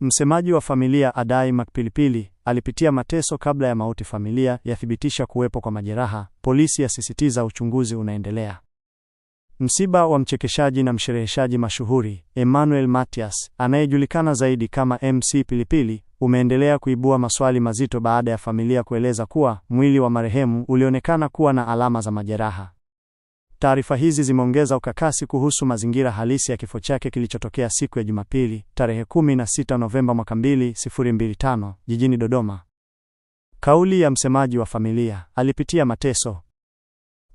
Msemaji wa familia adai Makpilipili alipitia mateso kabla ya mauti. Familia yathibitisha kuwepo kwa majeraha. Polisi yasisitiza uchunguzi unaendelea. Msiba wa mchekeshaji na mshereheshaji mashuhuri Emmanuel Matias anayejulikana zaidi kama MC Pilipili umeendelea kuibua maswali mazito baada ya familia kueleza kuwa mwili wa marehemu ulionekana kuwa na alama za majeraha. Taarifa hizi zimeongeza ukakasi kuhusu mazingira halisi ya kifo chake kilichotokea siku ya Jumapili, tarehe 16 Novemba mwaka 2025 jijini Dodoma. Kauli ya msemaji wa familia, alipitia mateso.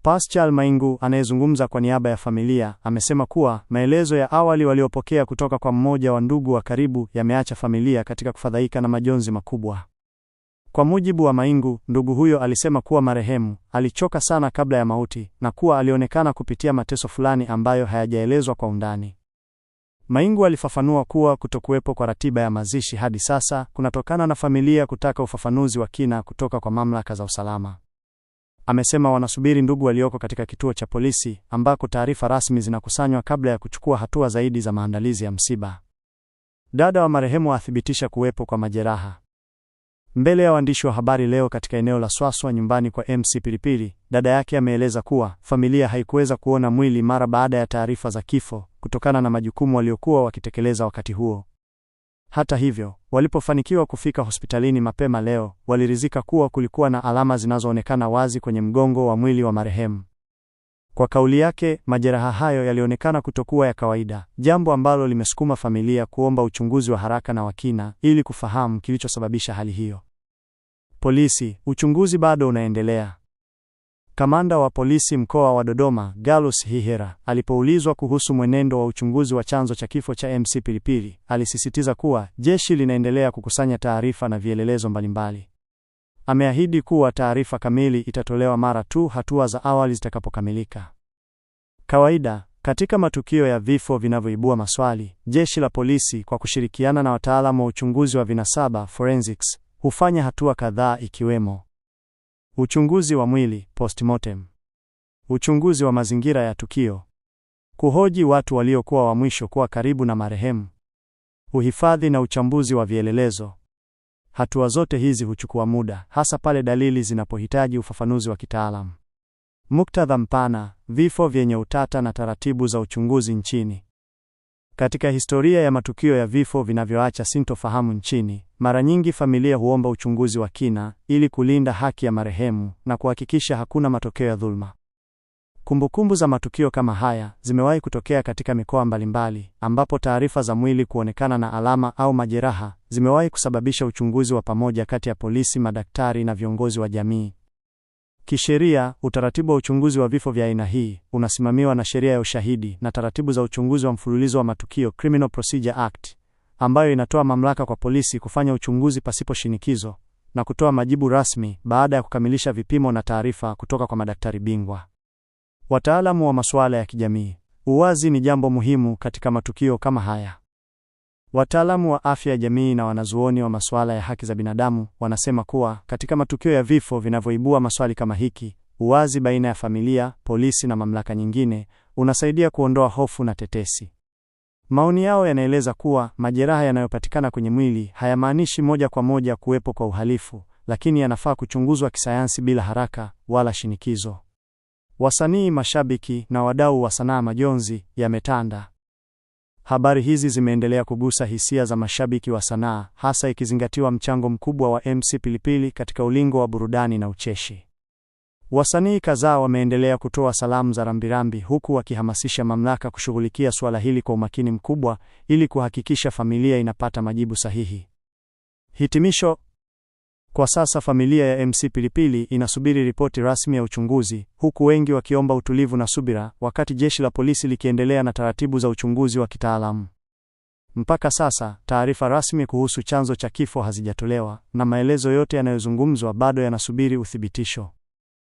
Pascal Maingu anayezungumza kwa niaba ya familia amesema kuwa maelezo ya awali waliopokea kutoka kwa mmoja wa ndugu wa karibu yameacha familia katika kufadhaika na majonzi makubwa. Kwa mujibu wa Maingu, ndugu huyo alisema kuwa marehemu alichoka sana kabla ya mauti na kuwa alionekana kupitia mateso fulani ambayo hayajaelezwa kwa undani. Maingu alifafanua kuwa kutokuwepo kwa ratiba ya mazishi hadi sasa kunatokana na familia kutaka ufafanuzi wa kina kutoka kwa mamlaka za usalama. Amesema wanasubiri ndugu walioko katika kituo cha polisi ambako taarifa rasmi zinakusanywa kabla ya kuchukua hatua zaidi za maandalizi ya msiba. Dada wa marehemu athibitisha kuwepo kwa majeraha. Mbele ya waandishi wa habari leo katika eneo la Swaswa nyumbani kwa MC Pilipili, dada yake ameeleza kuwa familia haikuweza kuona mwili mara baada ya taarifa za kifo kutokana na majukumu waliokuwa wakitekeleza wakati huo. Hata hivyo, walipofanikiwa kufika hospitalini mapema leo, walirizika kuwa kulikuwa na alama zinazoonekana wazi kwenye mgongo wa mwili wa marehemu. Kwa kauli yake, majeraha hayo yalionekana kutokuwa ya kawaida, jambo ambalo limesukuma familia kuomba uchunguzi wa haraka na wakina ili kufahamu kilichosababisha hali hiyo. Polisi, uchunguzi bado unaendelea. Kamanda wa polisi mkoa wa Dodoma, Galus Hihera, alipoulizwa kuhusu mwenendo wa uchunguzi wa chanzo cha kifo cha MC Pilipili, alisisitiza kuwa jeshi linaendelea kukusanya taarifa na vielelezo mbalimbali. Ameahidi kuwa taarifa kamili itatolewa mara tu hatua za awali zitakapokamilika. Kawaida, katika matukio ya vifo vinavyoibua maswali, jeshi la polisi kwa kushirikiana na wataalamu wa uchunguzi wa vinasaba forensics hufanya hatua kadhaa ikiwemo uchunguzi wa mwili postmortem, uchunguzi wa mazingira ya tukio, kuhoji watu waliokuwa wa mwisho kuwa karibu na marehemu, uhifadhi na uchambuzi wa vielelezo. Hatua zote hizi huchukua muda, hasa pale dalili zinapohitaji ufafanuzi wa kitaalamu. Muktadha mpana: vifo vyenye utata na taratibu za uchunguzi nchini. Katika historia ya matukio ya vifo vinavyoacha sintofahamu nchini, mara nyingi familia huomba uchunguzi wa kina ili kulinda haki ya marehemu na kuhakikisha hakuna matokeo ya dhuluma. Kumbukumbu za matukio kama haya zimewahi kutokea katika mikoa mbalimbali, ambapo taarifa za mwili kuonekana na alama au majeraha zimewahi kusababisha uchunguzi wa pamoja kati ya polisi, madaktari na viongozi wa jamii. Kisheria, utaratibu wa uchunguzi wa vifo vya aina hii unasimamiwa na sheria ya ushahidi na taratibu za uchunguzi wa mfululizo wa matukio, Criminal Procedure Act, ambayo inatoa mamlaka kwa polisi kufanya uchunguzi pasipo shinikizo na kutoa majibu rasmi baada ya kukamilisha vipimo na taarifa kutoka kwa madaktari bingwa. Wataalamu wa masuala ya kijamii. Uwazi ni jambo muhimu katika matukio kama haya. Wataalamu wa afya ya jamii na wanazuoni wa masuala ya haki za binadamu wanasema kuwa katika matukio ya vifo vinavyoibua maswali kama hiki, uwazi baina ya familia, polisi na mamlaka nyingine unasaidia kuondoa hofu na tetesi. Maoni yao yanaeleza kuwa majeraha yanayopatikana kwenye mwili hayamaanishi moja kwa moja kuwepo kwa uhalifu, lakini yanafaa kuchunguzwa kisayansi bila haraka wala shinikizo. Wasanii, mashabiki na wadau wa sanaa, majonzi yametanda. Habari hizi zimeendelea kugusa hisia za mashabiki wa sanaa, hasa ikizingatiwa mchango mkubwa wa MC Pilipili katika ulingo wa burudani na ucheshi. Wasanii kadhaa wameendelea kutoa salamu za rambirambi, huku wakihamasisha mamlaka kushughulikia suala hili kwa umakini mkubwa ili kuhakikisha familia inapata majibu sahihi. Hitimisho, kwa sasa familia ya MC Pilipili inasubiri ripoti rasmi ya uchunguzi, huku wengi wakiomba utulivu na subira, wakati jeshi la polisi likiendelea na taratibu za uchunguzi wa kitaalamu. Mpaka sasa, taarifa rasmi kuhusu chanzo cha kifo hazijatolewa na maelezo yote yanayozungumzwa bado yanasubiri uthibitisho.